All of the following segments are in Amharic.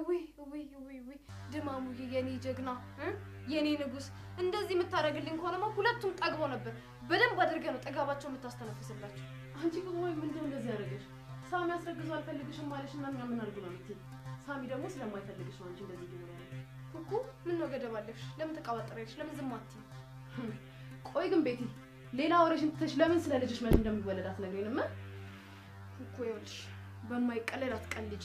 እውይ እውይ እውይ እውይ ድማሙዬ የኔ ጀግና የኔ ንጉስ፣ እንደዚህ የምታደርግልኝ ከሆነማ ሁለቱም ጠግቦ ነበር። በደንብ አድርገህ ነው ጠጋባቸው የምታስተነፍስላቸው። አንቺ ከሆይ ምንድነው እንደዚህ ያደረገሽ? ሳሚ አስረግዞ አልፈልግሽም ማለሽ እና ምን ምን አድርጉ ነው የምትይኝ? ሳሚ ደግሞ ስለማይፈልግሽ ነው አንቺ እንደዚህ ሊሆን ያለ ኩኩ። ምን ነው ገደባለሽ? ለምን ተቃወጥረሽ? ለምን ዝም አትይኝ? ቆይ ግን ቤቲ፣ ሌላ ወሬሽን ትተሽ ለምን ስለ ልጅሽ መቼ እንደሚወለድ አትነግሪንም? ኩኩ ይኸውልሽ፣ በማይቀለድ አትቀልጂ።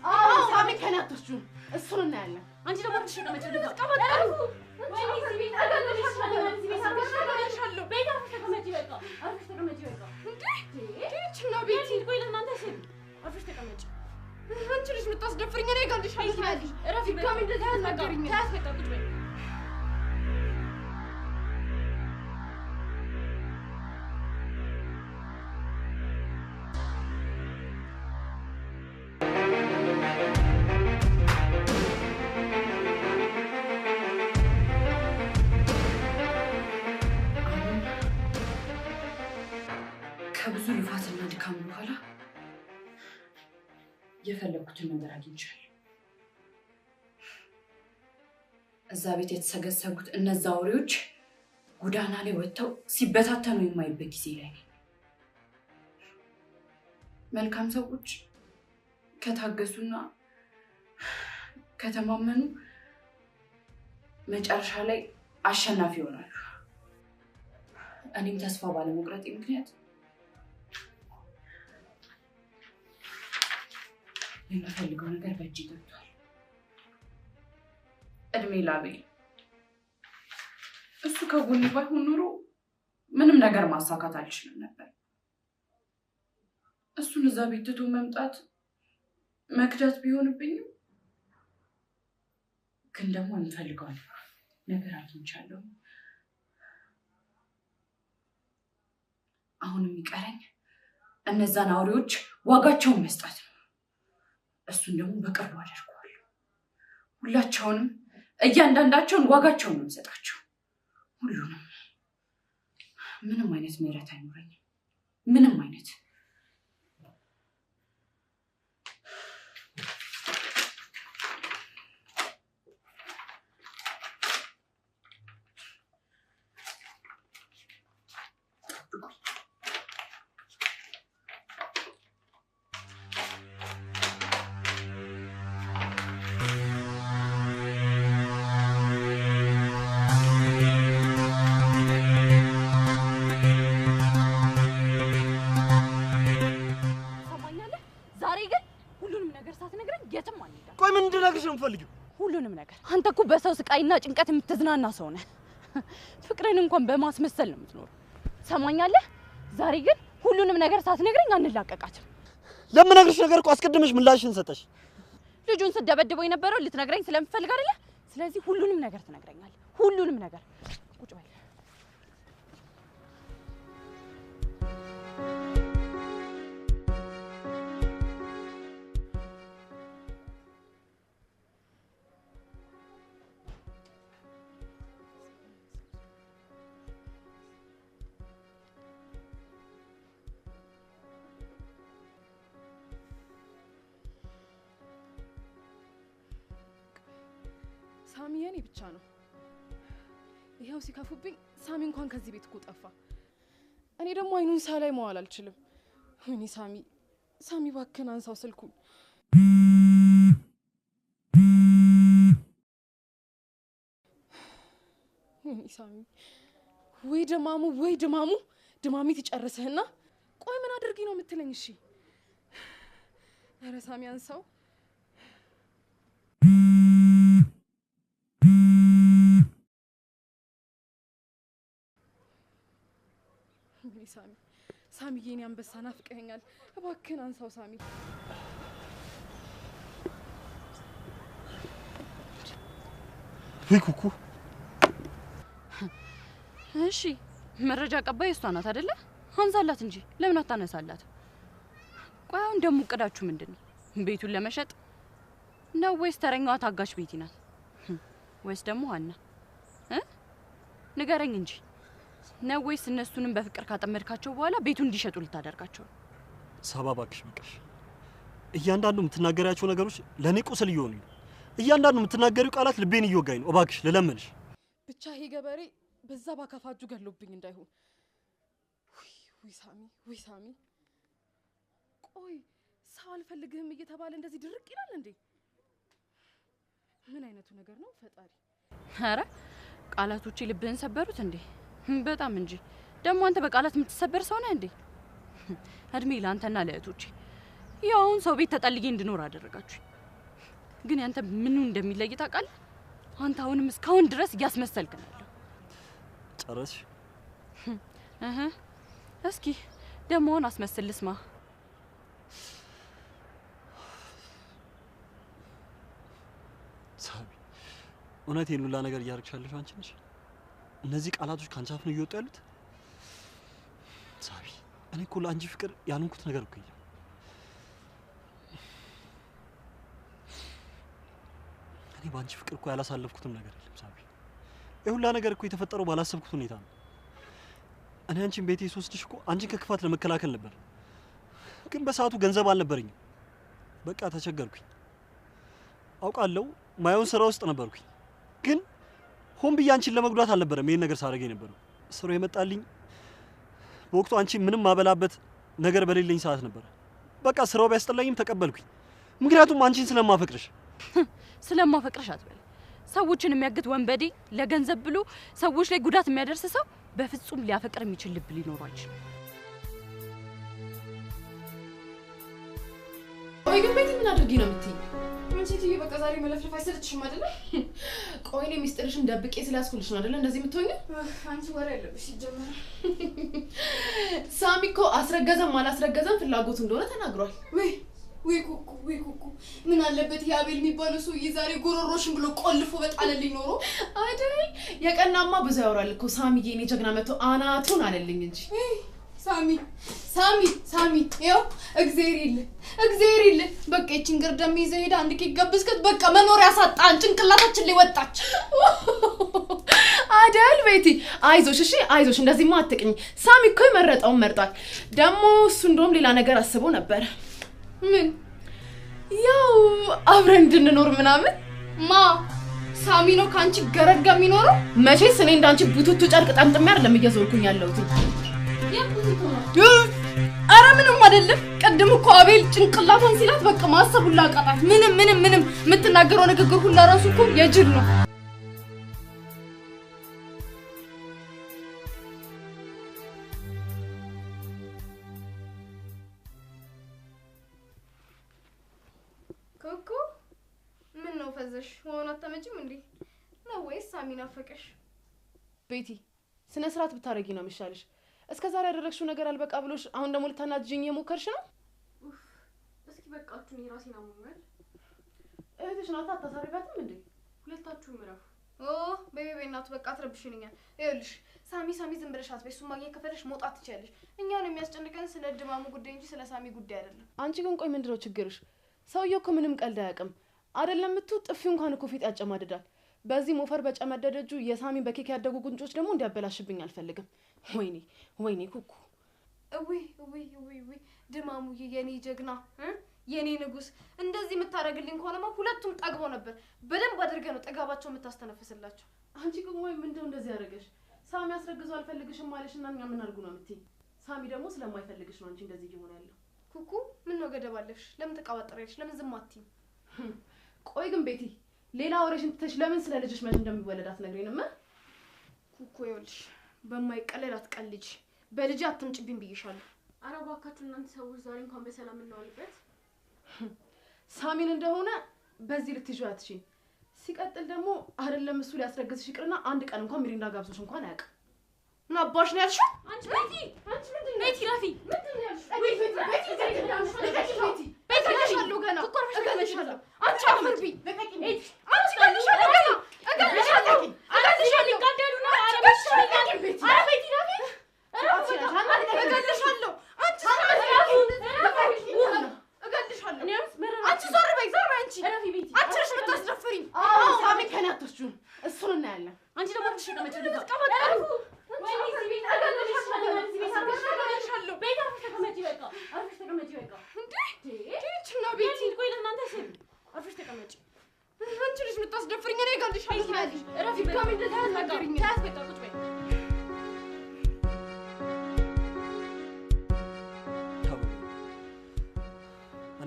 እሱን እናያለን። አንቺ ደግሞ አንቺ ልጅ የምታስደፍሪኝ እኔ መንበር አግኝቻለሁ። እዛ ቤት የተሰገሰጉት እነዛ አውሬዎች ጎዳና ላይ ወጥተው ሲበታተኑ የማይበት ጊዜ ላይ ነኝ። መልካም ሰዎች ከታገሱና ከተማመኑ መጨረሻ ላይ አሸናፊ ይሆናሉ። እኔም ተስፋ ባለመቁረጤ ምክንያት የምፈልገው ነገር በእጅ ገብቷል። እድሜ ላቤል እሱ ከጎን ባይሆን ኑሮ ምንም ነገር ማሳካት አልችልም ነበር። እሱን እዛ ቤት ትቶ መምጣት መክዳት ቢሆንብኝም ግን ደግሞ የምፈልገው ነገር አግኝቻለሁ። አሁን የሚቀረኝ እነዛን አውሬዎች ዋጋቸውን መስጠት ነው። እሱን ደግሞ በቅርቡ አደርገዋለሁ። ሁላቸውንም እያንዳንዳቸውን ዋጋቸውን ነው የምሰጣቸው። ሁሉንም ምንም አይነት ምህረት አይኖረኝም። ምንም አይነት ቆይ ምን እንድነግርሽ ነው የምፈልጊው? ሁሉንም ነገር። አንተ እኮ በሰው ስቃይና ጭንቀት የምትዝናና ሰው ነህ። ፍቅርን እንኳን በማስመሰል ነው የምትኖረው። ሰማኛለህ። ዛሬ ግን ሁሉንም ነገር ሳትነግረኝ አንላቀቃትም። ለምነግርሽ ነገር እኮ አስቀድመሽ ምላሽን ሰጠሽ። ልጁን ስደበድበው የነበረው ልትነግረኝ ስለምፈልግ አይደለ? ስለዚህ ሁሉንም ነገር ትነግረኛለህ። ሁሉንም ነገር ቁጭ በል ሳሚ የኔ ብቻ ነው። ይኸው ሲከፉብኝ ሳሚ እንኳን ከዚህ ቤት እኮ ጠፋ። እኔ ደግሞ አይኑን ላይ መዋል አልችልም። ወይኔ ሳሚ ሳሚ ባክን አንሳው ስልኩን። ወይኔ ሳሚ ወይ ድማሙ ወይ ድማሙ ድማሚት ይጨርስህና ቆይ ምን አድርጊ ነው የምትለኝ? እሺ ኧረ ሳሚ አንሳው። ወይኔ ሳሚ ሳሚ፣ የኔ አንበሳ ናፍቀኸኛል። እባክህን አንሳው ሳሚ። ይሄ ኩኩ። እሺ፣ መረጃ አቀባይ እሷ ናት አይደለ? አንሳላት እንጂ ለምን አታነሳላት? ቆይ አሁን ደግሞ እቅዳችሁ ምንድን ነው? ቤቱን ለመሸጥ ነው ወይስ ተረኛዋ ታጋሽ ቤቲ ናት? ወይስ ደግሞ ሀና? ንገረኝ እንጂ ነው ወይስ እነሱንም በፍቅር ካጠመድካቸው በኋላ ቤቱን እንዲሸጡ ልታደርጋቸው ነው? ሳባ እባክሽ በቃሽ። እያንዳንዱ የምትናገሪያቸው ነገሮች ለእኔ ቁስል እየሆኑ ነው። እያንዳንዱ የምትናገሪው ቃላት ልቤን እየወጋኝ ነው። እባክሽ ልለምንሽ። ብቻ ይሄ ገበሬ በዛ ባካፋጁ ገሎብኝ እንዳይሆን። ውይ ሳሚ፣ ውይ ሳሚ። ቆይ ሰው አልፈልግህም እየተባለ እንደዚህ ድርቅ ይላል እንዴ? ምን አይነቱ ነገር ነው ፈጣሪ! አረ ቃላቶቼ ልብህን ሰበሩት እንዴ? በጣም እንጂ። ደግሞ አንተ በቃላት የምትሰበር ሰው ነህ እንዴ? እድሜ ለአንተና ለእህቶቼ። ያው አሁን ሰው ቤት ተጠልጌ እንድኖር አደረጋችሁ። ግን ያንተ ምኑ እንደሚለይ ታውቃለህ? አንተ አሁንም እስካሁን ድረስ እያስመሰልክ ነው ያለው። ጨረስሽ? እስኪ ደግሞ አሁን አስመስል ሳቢ፣ እውነቴን ሁላ ነገር እያደረግሻለሽ አንቺ ነሽ። እነዚህ ቃላቶች ከአንቺ አፍ ነው እየወጡ ያሉት? ሳቢ፣ እኔ እኮ ለአንቺ ፍቅር ያልንኩት ነገር እኮ የለም። እኔ በአንቺ ፍቅር እኮ ያላሳለፍኩትም ነገር የለም ሳቢ። ይህ ሁላ ነገር እኮ የተፈጠረው ባላሰብኩት ሁኔታ ነው። እኔ አንቺን ቤቴ ስወስድሽ እኮ አንቺን ከክፋት ለመከላከል ነበር፣ ግን በሰዓቱ ገንዘብ አልነበረኝም። በቃ ተቸገርኩኝ። አውቃለሁ፣ ማየውን ስራ ውስጥ ነበርኩኝ ግን ሆን ብዬ አንቺን ለመጉዳት አልነበረም ይሄን ነገር ሳደርግ የነበረው። ስሩ የመጣልኝ በወቅቱ አንቺ ምንም ማበላበት ነገር በሌለኝ ሰዓት ነበረ። በቃ ስራው ቢያስጠላኝም ተቀበልኩኝ፣ ምክንያቱም አንቺን ስለማፈቅርሽ። ስለማፈቅርሽ አትበል። ሰዎችን የሚያግት ወንበዴ፣ ለገንዘብ ብሎ ሰዎች ላይ ጉዳት የሚያደርስ ሰው በፍጹም ሊያፈቅር የሚችል ልብ ሊኖረው አይችልም። ወይ ግን ቤት ምን አድርጊ ነው የምትይኝ? ምን ሴትዬ፣ በቃ ዛሬ መለፍለፍ አይሰለችሽም አይደለ? ቆይ እኔ ሚስጥርሽን ደብቄ ስላስኩልሽ ነው አይደለ እንደዚህ የምትሆኚው? አንቺ ወሬ ያለብሽ ይጀምራል። ሳሚ እኮ አስረገዘም አላስረገዘም ፍላጎቱ እንደሆነ ተናግሯል። ወይ ወይ ኩኩ ወይ ኩኩ፣ ምን አለበት የአቤል የሚባለው ሰውዬ ዛሬ ጎሮሮሽን ብሎ ቆልፎ በጣለልኝ ኖሮ አይደል? የቀናማ ብዙ ያወራል እኮ ሳሚዬ፣ እኔ ጀግና መጥቶ አናቱን አለልኝ እንጂ ሳሚ ሳሚ ሳሚ ይኸው እግዜር ይልህ እግዜር ይልህ። በቃ ይቺን ግርደም ይዘህ ሄደህ አንድ ኬክ ገብስከት በቃ መኖሪያ ሳጣን ጭንቅላታችን ላይ ወጣች። አደል ቤቲ፣ አይዞሽ እሺ፣ አይዞሽ። እንደዚህማ አትቅኝ። ሳሚ እኮ የመረጠውን መርጧል። ደግሞ እሱ እንደውም ሌላ ነገር አስቦ ነበረ። ምን? ያው አብረን እንድንኖር ምናምን። ማ ሳሚ ነው ከአንቺ ገረድ ጋር የሚኖረው? መቼስ እኔ እንዳንቺ ቡቱቱ ጨርቅ ጠምጥሜ አይደለም እየዞርኩኝ ያለሁት። አረ ምንም አይደለም። ቅድም እኮ አቤል ጭንቅላቷን ሲላት በቃ ማሰብ ሁላ አቃጣት። ምንም ምንም ምንም የምትናገረው ንግግር ሁላ ራሱ እኮ የጅል ነው። ኮኮ ምን ነው ፈዘሽ? ሆኖ አታመጭም እንዴ ነው ወይስ ሳሚ ናፈቀሽ? ቤቲ ስነ ስርዓት ብታረጊ ነው የሚሻልሽ። እስከ ዛሬ ያደረግሽው ነገር አልበቃ ብሎሽ አሁን ደግሞ ልታናጅኝ የሞከርሽ ነው። እስኪ በቃችሁ፣ እኔ ራሴን አሞኛል። እህትሽ ናት፣ አታሳርቢያትም እንዴ? ሁለታችሁ እረፉ። ኦ ቤቤ እናቱ በቃ አትረብሽንኛል። ይኸውልሽ ሳሚ ሳሚ ዝም ብለሽ አትበይ። እሱን ማግኘት ከፈለሽ መውጣት ትችያለሽ። እኛን የሚያስጨንቀን ስለ ድማሙ ጉዳይ እንጂ ስለ ሳሚ ጉዳይ አይደለም። አንቺ ግን ቆይ ምንድነው ችግርሽ? ሰውየው እኮ ምንም ቀልድ አያውቅም አይደለም። ምቱ ጥፊው እንኳን እኮ ፊት ያጨማድዳል። በዚህ ሞፈር በጨመደደ እጁ የሳሚን በኬክ ያደጉ ጉንጮች ደግሞ እንዲያበላሽብኝ አልፈልግም። ወይኔ ወይኔ ኩኩ ድማሙዬ የኔ ጀግና የኔ ንጉስ፣ እንደዚህ የምታደርግልኝ ከሆነማ ሁለቱም ጠግቦ ነበር። በደንብ አድርገ ነው ጠጋባቸው የምታስተነፍስላቸው። አንቺ ግን ወይ ምንድነው እንደዚህ ያደረገሽ? ሳሚ አስረግዞ አልፈልግሽም አለሽ እና እኛ ምን አድርጉ ነው የምትይኝ? ሳሚ ደግሞ ስለማይፈልግሽ ነው አንቺ እንደዚህ እየሆነ ያለው። ኩኩ ምን ነው ገደባለሽ? ለምን ተቀባጠሪያለሽ? ለምን ዝም አትይም? ቆይ ግን ቤቴ ሌላ ወሬሽን ትተሽ ለምን ስለ ልጅሽ መቼ እንደሚወለድ አትነግሪንም? ኩኩ ይኸውልሽ፣ በማይቀለድ አትቀልጅ። በልጅ አትምጭብኝ ብዬሻለሁ። ኧረ እባካችሁ እናንተ ሰዎች ዛሬ እንኳን በሰላም እናዋልበት። ሳሚን እንደሆነ በዚህ ልትይዥ አትችይም። ሲቀጥል ደግሞ አይደለም እሱ ሊያስረግዝሽ ይቅርና አንድ ቀን እንኳን ሚሪንዳ ጋብዞሽ እንኳን አያውቅም። ምን አባሽ ነው ያልሽው? አንቺ ቤቲ፣ አንቺ ምንድን ነው ቤቲ? ራፊ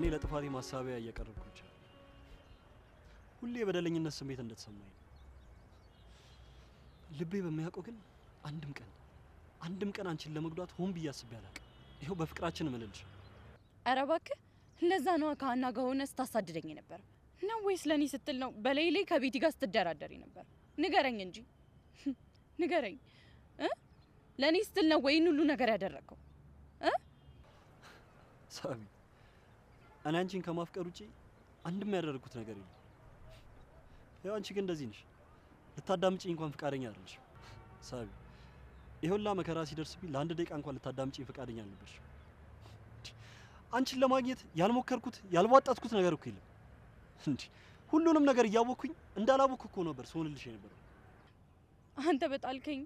እኔ ለጥፋቴ ማሳቢያ እያቀረብኩ ብቻ ሁሌ የበደለኝነት ስሜት እንደተሰማኝ ነው። ልቤ በሚያውቀው ግን አንድም ቀን አንድም ቀን አንቺን ለመጉዳት ሆን ብዬ አስቤ አላውቅም። ይኸው በፍቅራችን ምልልሽ። ኧረ እባክህ ለዛ ነዋ ከሀና ጋር ሆነ ስታሳድደኝ ነበር ነው ወይስ ለእኔ ስትል ነው በሌሌ ላይ ከቤቲ ጋር ስትደራደሪ ነበር? ንገረኝ እንጂ ንገረኝ። ለእኔ ስትል ነው ወይን ሁሉ ነገር ያደረግከው ሳቢ? እኔ አንቺን ከማፍቀር ውጪ አንድም ያደረግኩት ነገር የለም። ያው አንቺ ግን እንደዚህ ነሽ፣ ልታዳምጪኝ እንኳን ፍቃደኛ አይደለሽ። ሳቢ ይሁላ መከራ ሲደርስብኝ ለአንድ ደቂቃ እንኳን ልታዳምጪኝ ፍቃደኛ አልነበርሽ። አንቺን ለማግኘት ያልሞከርኩት ያልቧጣትኩት ነገር እኮ የለም። እንዲ ሁሉንም ነገር እያወቅኩኝ እንዳላወቅኩ እኮ ነበር ስሆንልሽ የነበረው። አንተ በጣልከኝ።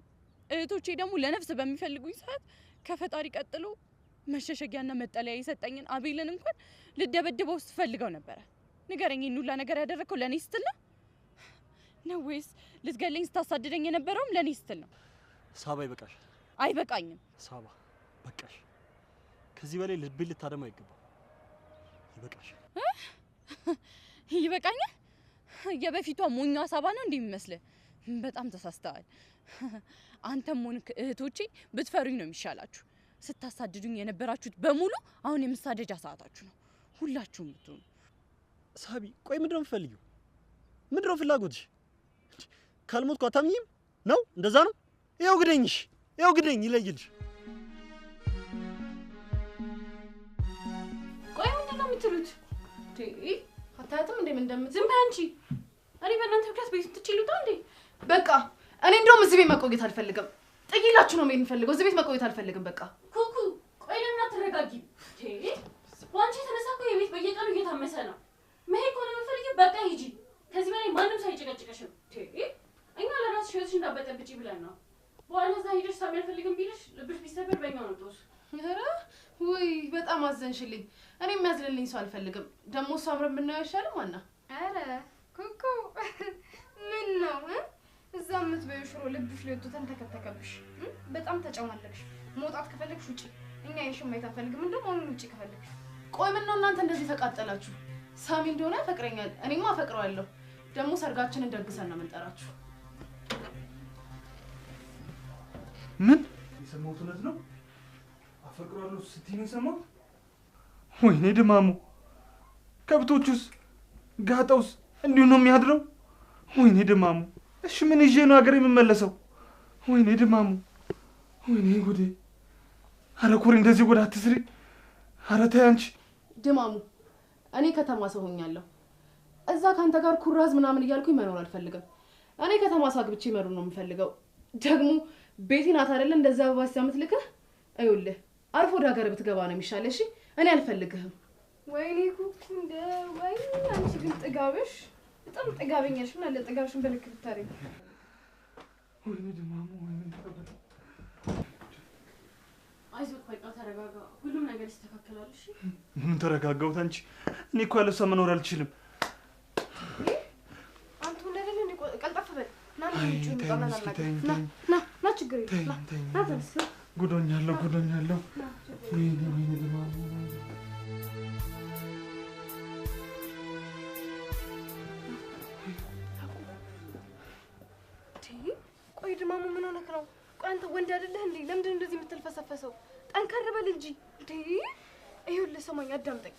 እህቶቼ ደግሞ ለነፍስ በሚፈልጉኝ ሰዓት ከፈጣሪ ቀጥሎ መሸሸጊያና መጠለያ የሰጠኝን አቤልን እንኳን ልደበድበው ስትፈልገው ነበረ። ንገረኝ፣ ይህን ሁላ ነገር ያደረግከው ለእኔ ስትል ነው ነው ወይስ ልትገለኝ ስታሳድደኝ የነበረውም ለእኔ ስትል ነው? ሳባ ይበቃሽ። አይበቃኝም። ሳባ በቃሽ። ከዚህ በላይ ልብ ልታደማ አይገባም። ይበቃሽ። ይበቃኝ። የበፊቷ ሞኛ ሳባ ነው እንዲህ የሚመስልህ? በጣም ተሳስተዋል። አንተም ሆንክ እህቶቼ ብትፈሩኝ ነው የሚሻላችሁ። ስታሳድዱኝ የነበራችሁት በሙሉ አሁን የምሳደጃ ሰዓታችሁ ነው ሁላችሁም ብትሆኑ። ሳቢ ቆይ ምንድነው የምትፈልጊው? ምንድነው ፍላጎትሽ? ካልሞትኩ አታምኝም ነው? እንደዛ ነው። ይኸው ግደኝሽ፣ ይኸው ግደኝ፣ ይለይልሽ። ቆይ ምንድነው የምትሉት? አታያትም እንዴ እንደምት ዝም በይ አንቺ። እኔ በእናንተ ምክንያት ቤት ትችሉታ እንዴ? በቃ እኔ እንደውም እዚህ ቤት መቆየት አልፈልግም። ጥይላችሁ ነው መሄድ የምፈልገው። እዚህ ቤት መቆየት አልፈልግም። በቃ ኩኩ፣ ቆይ ለምን አትረጋጊ? በአንቺ የተነሳ እኮ የቤት በየቀኑ እየታመሰ ነው። መሄድ ከሆነ የምፈልጊው በቃ ሂጂ። ከዚህ በላይ ማንም ሳይጨቀጭቀሽ ነው። እኛ ለራስሽ ሕይወትሽ እንዳበጠብጪ ብለን ነው። በኋላ እዛ ሂደሽ ሳሚ አልፈልግም ቢልሽ ልብሽ ቢሰበር በእኛ ነው ጦስ። ኧረ ውይ በጣም አዘንሽልኝ። እኔ የሚያዝልልኝ ሰው አልፈልግም። ደግሞ እሱ አብረን ብናየው አይሻልም? ዋና ኧረ ኩኩ ምን ነው እዛ የምትበይው ሽሮ ልብሽ ሊወጡ ተንተከተከብሽ፣ በጣም ተጨማለቅሽ። መውጣት ከፈለግሽ ውጪ፣ እኛ ይሽም አይታፈልግም። አንፈልግም። እንደውም አሁን ውጪ ከፈለግሽ። ቆይ ምን ነው እናንተ እንደዚህ ተቃጠላችሁ? ሳሚ እንደሆነ ያፈቅረኛል፣ እኔማ አፈቅረዋለሁ። ደግሞ ሰርጋችንን ደግሰን ነው የምንጠራችሁ። ምን የሰማሁት እውነት ነው? አፈቅረዋለሁ ስትይኝ ሰማሁት። ወይኔ ድማሙ! ከብቶቹስ፣ ጋጠውስ እንዲሁ ነው የሚያድረው። ወይኔ ድማሙ! እሺ ምን ይዤ ነው ሀገር የምመለሰው? ወይኔ ድማሙ፣ ወይኔ ጉዴ። አረ ኩሪ፣ እንደዚህ ጎዳ አትስሪ። አረ ተይ አንቺ ድማሙ። እኔ ከተማ ሰው ሆኛለሁ። እዛ ከአንተ ጋር ኩራዝ ምናምን እያልኩኝ መኖር አልፈልግም። እኔ ከተማ ሰው አግብቼ መኖር ነው የምፈልገው። ደግሞ ቤቴ ናት አይደለ? እንደዛ አበባ ሲያምትልክህ እዩልህ። አርፎ ወደ ሀገር ብትገባ ነው የሚሻለሽ። እኔ አልፈልግህም። ወይኔ ጉድ! ወይኔ አንቺ ግን ጥጋብሽ በጣም ጥጋበኛ ነሽ። ምን አለ ጥጋብሽን በልክ ብታደርጊ። አይዞት በቃ ተረጋጋ፣ ሁሉም ነገር ይስተካከላል። እሺ ምን ተረጋጋሁት? አንቺ እኔ እኮ ያለብሳ መኖር አልችልም። አንተ ወንድ እኔ ቀልጠፍ በል ችግር ጉዶኛለሁ፣ ጉዶኛለሁ። ወይኔ ወይኔ ልጅ ማሙ ምን ሆነክ ነው? ቆይ አንተ ወንድ አይደለህ እንዴ? ለምንድን እንደዚህ የምትልፈሰፈሰው? ጠንከር በል እንጂ እንዴ! ይኸውልህ ሰማኝ፣ አዳምጠኝ።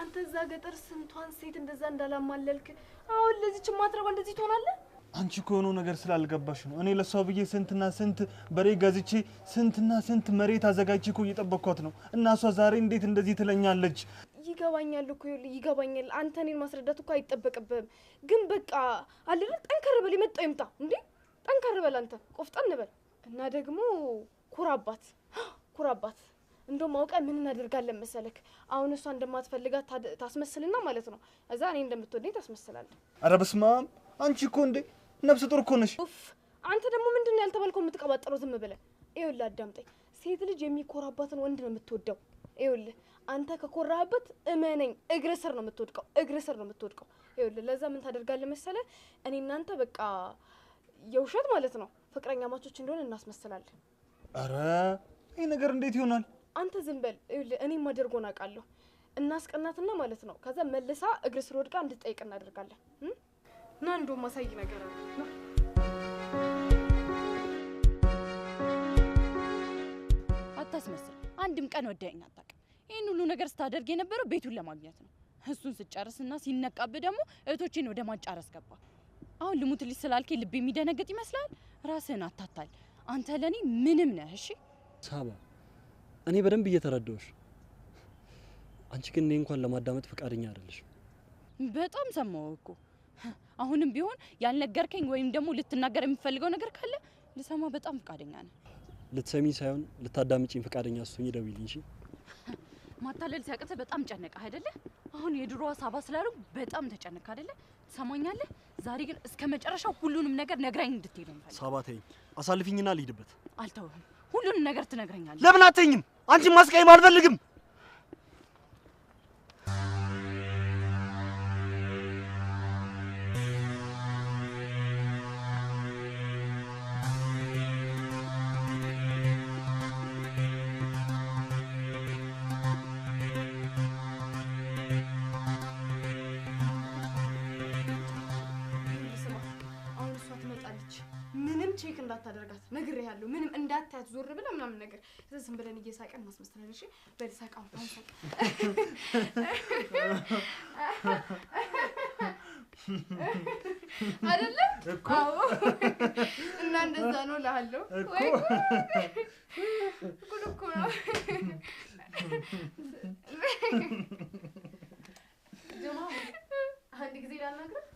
አንተ እዛ ገጠር ስንቷን ሴት እንደዛ እንዳላማለልክ አሁን ለዚች ማትረባ እንደዚህ ትሆናለህ? አንቺ እኮ የሆነው ነገር ስላልገባሽ ነው። እኔ ለእሷ ብዬ ስንትና ስንት በሬ ገዝቼ ስንትና ስንት መሬት አዘጋጅቼ እኮ እየጠበቅኳት ነው። እና እሷ ዛሬ እንዴት እንደዚህ ትለኛለች? ይገባኛል እኮ ይኸውልህ፣ ይገባኛል። አንተ እኔን ማስረዳት እኮ አይጠበቅብህም። ግን በቃ አለለ ጠንከር በል፣ የመጣው ይምጣ እንዴ ጠንከር በል አንተ፣ ቆፍጠን በል እና ደግሞ ኩራባት፣ ኩራባት። እንደውም አውቀ ምን እናደርጋለን መሰለክ፣ አሁን እሷ እንደማትፈልጋት ታስመስልና ማለት ነው። እዛ እኔ እንደምትወደኝ ታስመስላለህ። ኧረ በስመ አብ! አንቺ እኮ እንዴ ነፍሰ ጡር እኮ ነሽ። ኡፍ! አንተ ደግሞ ምንድን ነው ያልተባልከው የምትቀባጠረው? ዝም ብለህ ይኸውልህ፣ አዳምጠኝ። ሴት ልጅ የሚኮራባትን ወንድ ነው የምትወደው። ይኸውልህ አንተ ከኮራህበት እመነኝ፣ እግር ስር ነው የምትወድቀው፣ እግር ስር ነው የምትወድቀው። ይኸውልህ ለዛ ምን ታደርጋለህ መሰለህ እኔ እናንተ በቃ የውሸት ማለት ነው። ፍቅረኛ ማቾች እንደሆነ እናስመስላለን። አረ ይህ ነገር እንዴት ይሆናል? አንተ ዝም በል። አድርጎ ማደርጎን አውቃለሁ። እናስቀናትና ማለት ነው። ከዛ መልሳ እግር ስር ወድቃ እናደርጋለን። እና እንዶ ማሳይ ነገር አለ አታስመስል። አንድም ቀን ወዳኝ አታውቅም። ይህን ሁሉ ነገር ስታደርግ የነበረው ቤቱን ለማግኘት ነው። እሱን ስጨርስና ሲነቃብ ደግሞ እህቶቼን ወደ ማጫረስ ገባ። አሁን ልሙትልሽ ስላልከ ልብ የሚደነግጥ ይመስላል? ራስህን አታታል። አንተ ለኔ ምንም ነህ። እሺ ሳባ፣ እኔ በደንብ እየተረዳሁሽ፣ አንቺ ግን እኔ እንኳን ለማዳመጥ ፈቃደኛ አይደለሽ። በጣም ሰማሁ እኮ። አሁንም ቢሆን ያልነገርከኝ ወይም ደግሞ ልትናገር የምፈልገው ነገር ካለ ልሰማ በጣም ፈቃደኛ ነኝ። ልትሰሚኝ ሳይሆን ልታዳምጪኝ ፈቃደኛ ስትሆኚ ደውይልኝ። እሺ ማታለል ሲያቅትህ በጣም ጨነቀህ አይደለ? አሁን የድሮዋ ሳባ ስላሉ በጣም ተጨነቀህ አይደለ? ትሰማኛለህ? ዛሬ ግን እስከ መጨረሻው ሁሉንም ነገር ነግራኝ እንድትሄድ ነው። ሳባተኝ አሳልፊኝና ልሂድበት። አልተውህም። ሁሉንም ነገር ትነግረኛለህ። ለምን አትይኝም? አንቺን ማስቀየም አልፈልግም። እንዳታደርጋት ነግሬ ያለሁ ምንም እንዳታያት ዞር ብለህ ምናምን ነገር ዝም ብለን እየሳቀን ማስመሰለን። እሺ በል ሳቅ፣ አሁን ሳቅ። አይደለም እኮ እና እንደዛ ነው እልሃለሁ። ወይ ጉድ እኮ ነው ጀማ። አንድ ጊዜ ላናግረህ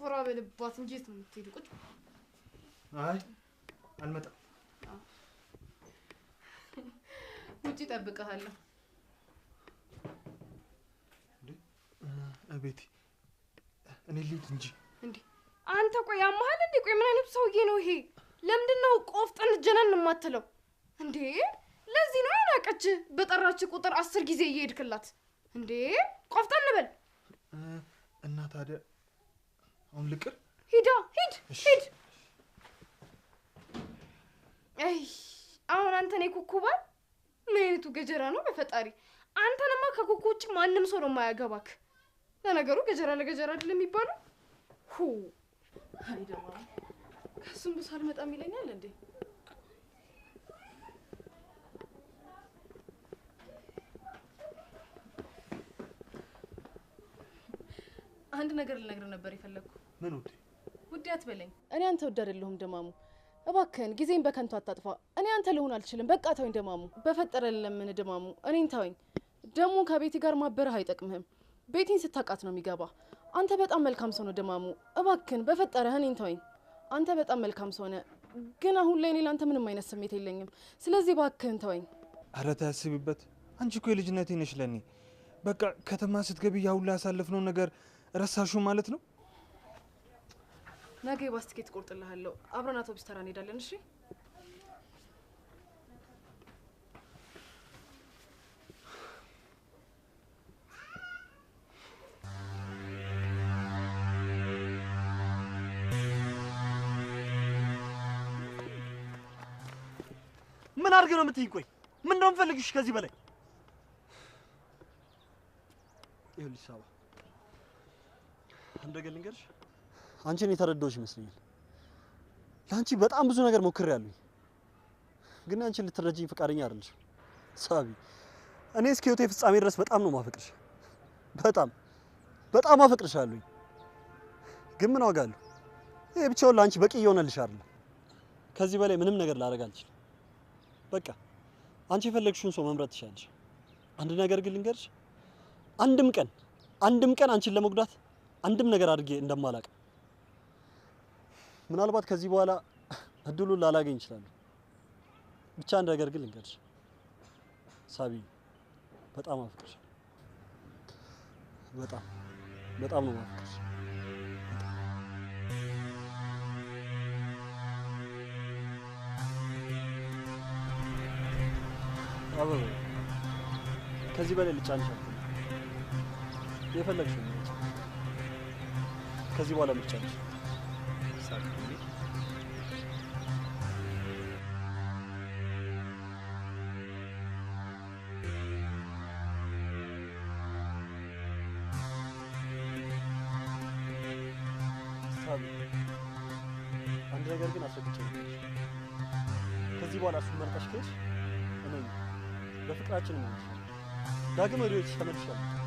ፎራ በልባት እንጂ የት ነው የምትሄደው? ቁጭ አይ አልመጣም። ውጭ እጠብቅሃለሁ። ቤቴ እኔ ልሂድ እንጂ። እንዴ አንተ ቆይ ያመሃል እንዴ? ቆይ ምን አይነቱ ሰውዬ ነው ይሄ? ለምንድን ነው ቆፍጠን ጀነን የማትለው እንዴ? ለዚህ ነው ያናቀች። በጠራች ቁጥር አስር ጊዜ እየሄድክላት እንዴ? ቆፍጠን በል እና ታዲያ አሁን ልቅር። ሂዳ ሂድ ሂድ። አይ አሁን አንተ እኔ ኩኩባል ምን አይነቱ ገጀራ ነው? በፈጣሪ አንተንማ ከኩኩ ውጭ ማንም ሰው ነው የማያገባክ። ለነገሩ ገጀራ ለገጀራ አይደል የሚባለው። ሁ አይ ከሱም ብሶ አልመጣም ይለኛል እንዴ? አንድ ነገር ልነግር ነበር የፈለግኩ። ምን ውዴ? ውዴ አትበለኝ። እኔ አንተ ውድ አይደለሁም ደማሙ። እባክህን ጊዜን በከንቱ አታጥፋ። እኔ አንተ ልሆን አልችልም። በቃ ተወኝ ደማሙ፣ በፈጠረ ልለምን ደማሙ፣ እኔን ተወኝ። ደግሞ ከቤቴ ጋር ማበረህ አይጠቅምህም። ቤቴን ስታውቃት ነው የሚገባ። አንተ በጣም መልካም ሰው ነው ደማሙ። እባክህን በፈጠረህ እኔን ተወኝ። አንተ በጣም መልካም ሰው ነህ፣ ግን አሁን ላይ እኔ ለአንተ ምንም አይነት ስሜት የለኝም። ስለዚህ እባክህን ተወኝ። ኧረ ታያስቢበት። አንቺ እኮ የልጅነቴ ነሽ ለእኔ። በቃ ከተማ ስትገቢ ያሁላ ያሳለፍነው ነገር ረሳሹ ማለት ነው። ነገ ባስ ትኬት ቆርጥልሃለሁ። አብረን አውቶቡስ ተራ እንሄዳለን። እሺ ምን አድርገህ ነው የምትይኝ? ቆይ ምን እንደምፈልግሽ ከዚህ በላይ ይኸውልሽ ሳባ እንደገል ልንገርሽ፣ አንቺን የተረዳሁሽ ይመስለኛል። ለአንቺ በጣም ብዙ ነገር ሞክሬያለሁ፣ ግን አንቺን ልትረጂኝ ፈቃደኛ አይደለሽም። ሳቢ፣ እኔ እስከ ህይወቴ ፍጻሜ ድረስ በጣም ነው ማፈቅርሽ። በጣም በጣም አፈቅርሻለሁ፣ ግን ምን ዋጋ አለው? ይሄ ብቻውን ለአንቺ በቂ እየሆነልሽ አይደለም። ከዚህ በላይ ምንም ነገር ላደርግ አልችልም። በቃ አንቺ የፈለግሽውን ሰው መምረጥ ትችላለሽ። አንድ ነገር ግን ልንገርሽ፣ አንድም ቀን አንድም ቀን አንቺን ለመጉዳት አንድም ነገር አድርጌ እንደማላቅ ምናልባት ከዚህ በኋላ እድሉን ላላገኝ ይችላል። ብቻ አንድ ነገር ግን ልንገርሽ ሳቢ፣ በጣም አፍቅር፣ በጣም በጣም ነው ማፍቅርሽ። አበበ ከዚህ በላይ ልጫንሻል የፈለግሽው ከዚህ በኋላ ምርጫ አንድ ነገር ግን ከዚህ በኋላ እሱን መርጠሽ ከሄድሽ እኔ በፍቅራችን ነው ዳግም ወደ ቤትሽ ተመልሻለሁ።